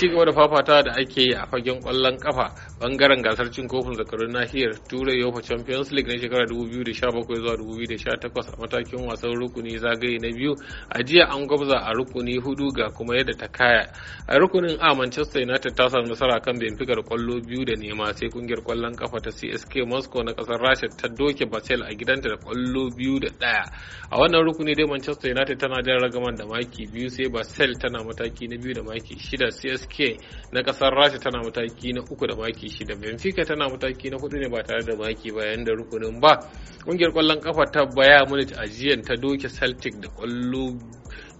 ci gaba da fafata da ake yi a fagen kwallon kafa bangaren gasar cin kofin zakarun nahiyar turai yofa champions league na shekarar 2017 zuwa 2018 a matakin wasan rukuni zagaye na biyu a jiya an gwabza a rukuni hudu ga kuma yadda ta kaya a rukunin a manchester united ta samu nasara kan benfica da kwallo biyu da nema sai kungiyar kwallon kafa ta csk moscow na kasar rasha ta doke basel a gidanta da kwallo biyu da daya a wannan rukuni dai manchester united tana jan ragaman da maki biyu sai basel tana mataki na biyu da maki shida csk CSK na kasar Rasha tana mataki na uku da maki shida Benfica tana mataki na hudu ne ba tare da maki ba yayin da rukunin ba kungiyar kwallon kafa ta Bayern Munich ajiyar ta doke Celtic da kwallo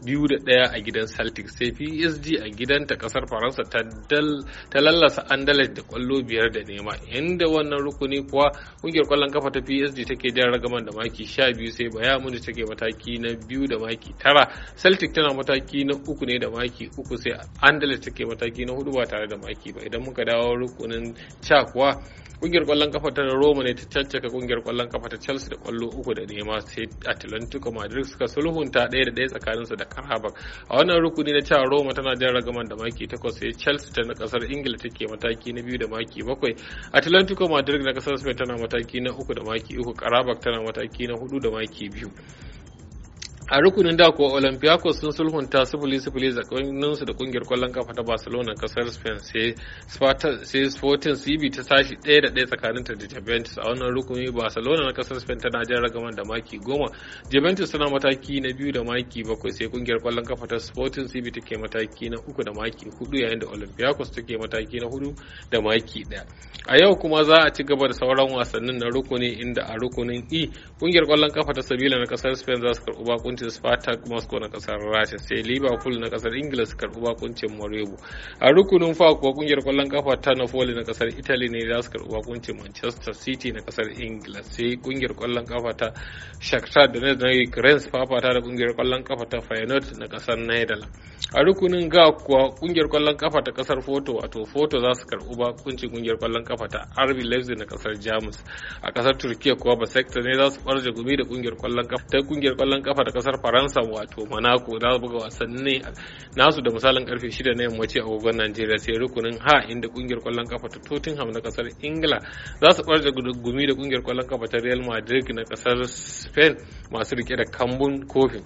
biyu da ɗaya a gidan celtic sai psg a gidanta kasar faransa ta lallasa andalus da kwallo biyar da nema inda wannan rukuni kuwa kungiyar kwallon kafa ta psg take jan ragaman da maki sha biyu sai baya mun take mataki na biyu da maki tara celtic tana mataki na uku ne da maki uku sai andalus take mataki na hudu ba tare da maki ba idan muka dawo rukunin ca kuwa kungiyar kwallon kafa ta Roma ne ta caccaka kungiyar kwallon kafa ta Chelsea da kwallo uku da nema sai Atlantico Madrid suka sulhunta ɗaya da ɗaya tsakanin kansa da karabak a wannan rukuni na cewa roma tana jan ragaman da maki takwas sai chelsea ta na kasar ingila take mataki na biyu da maki bakwai atlantico madrid na kasar spain tana mataki na uku da maki uku karabak tana mataki na hudu da maki biyu a rukunin da ko olympiacos sun sulhunta sifili sifili tsakanin su da kungiyar kwallon kafa ta barcelona kasar spain sai sporting cb ta tashi ɗaya da ɗaya tsakanin ta da juventus a wannan rukuni barcelona na kasar spain tana jan ragaman da maki goma juventus tana mataki na biyu da maki bakwai sai kungiyar kwallon kafa ta sporting cb take mataki na uku da maki hudu yayin da olympiacos take mataki na hudu da maki ɗaya a yau kuma za a ci gaba da sauran wasannin na rukuni inda a rukunin e kungiyar kwallon kafa ta sabila na kasar spain za su karɓi bakunci butin spartak moscow na kasar rasha sai liverpool na kasar ingila su karbi bakuncin morebo a rukunin fa kuwa kungiyar kwallon kafa ta napoli na kasar italy ne za su karbi bakuncin manchester city na kasar ingila sai kungiyar kwallon kafa ta shakhtar donetsk na ukraine fafata da kungiyar kwallon kafa ta feyenoord na kasar netherlands a rukunin ga kuwa kungiyar kwallon kafa ta kasar foto wato foto za su karɓi ba kuncin kungiyar kwallon kafa ta rb leipzig na kasar jamus a kasar turkiya kuwa ba sector ne za su barje gumi da kungiyar kwallon kafa ta kungiyar kwallon kafa ta kasar faransa wato monaco za su buga wasanni nasu da misalin karfe shida na yammaci a gogon najeriya sai rukunin ha inda kungiyar kwallon kafa ta tottenham na kasar ingila za su barje gumi da kungiyar kwallon kafa ta real madrid na kasar spain masu rike da kambun kofin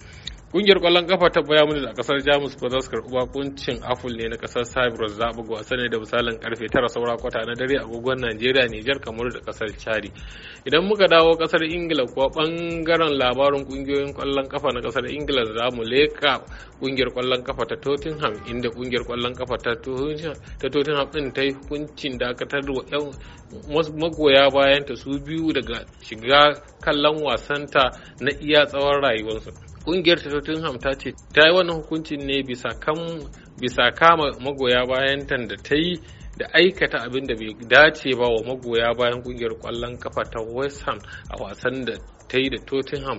Kungiyar kwallon kafa ta Bayern Munich a kasar Jamus ko za su karɓi bakuncin Apple ne na kasar Cyprus za wasan ne da misalin karfe tara saura kwata na dare agogon Najeriya, Nijar, kamar da kasar chari. Idan muka dawo kasar Ingila kuwa bangaren labarin kungiyoyin kwallon kafa na kasar Ingila za mu leka kungiyar kwallon kafa ta Tottenham inda kungiyar kwallon kafa ta Tottenham din ta yi hukuncin dakatar wa magoya bayanta su biyu daga shiga kallon wasanta na iya tsawon rayuwarsu. kungiyar ta Tottenham ta ce ta yi wannan hukuncin ne bisa kan bisa kama magoya bayan da ta yi da aikata abin da bai dace ba wa magoya bayan kungiyar kwallon kafa ta West Ham a wasan da ta yi da Tottenham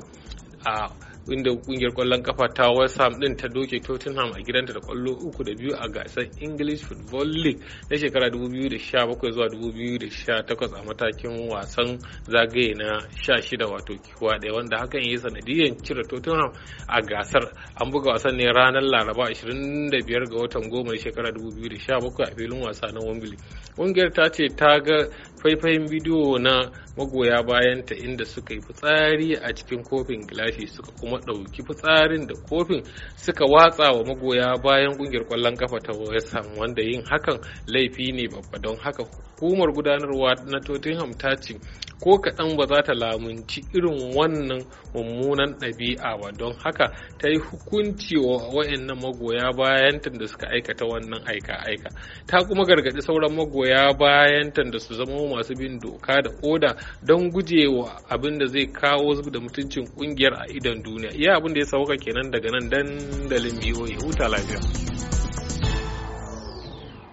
a inda kungiyar kwallon kafa ta West Ham din ta doke Tottenham a gidanta da kwallo uku da biyu a gasar English Football League na shekara 2017 zuwa 2018 a matakin wasan zagaye na 16 wato kiwa ɗaya wanda hakan ya yi sanadiyyar cire Tottenham a gasar an buga wasan ne ranar Laraba 25 ga watan goma na shekara 2017 a filin wasa na Wembley. Kungiyar ta ce ta ga faifayin bidiyo na magoya bayanta inda suka yi fitsari a cikin kofin gilashi suka kuma ɗauki fitsarin da kofin suka watsa wa magoya bayan ƙungiyar kwallon kafa ta West Ham wanda yin hakan laifi ne babba don haka hukumar gudanarwa na Tottenham ta ce ko kaɗan ba za ta lamunci irin wannan mummunan ɗabi'a ba don haka ta yi hukunci wa wa'annan magoya bayanta da suka aikata wannan aika-aika ta kuma gargaɗi sauran magoya bayanta da su zama masu bin doka da oda don gujewa abin da zai kawo da mutuncin kungiyar a idon duniya iya abin da ya sauka kenan daga nan dandalin ya huta lafiya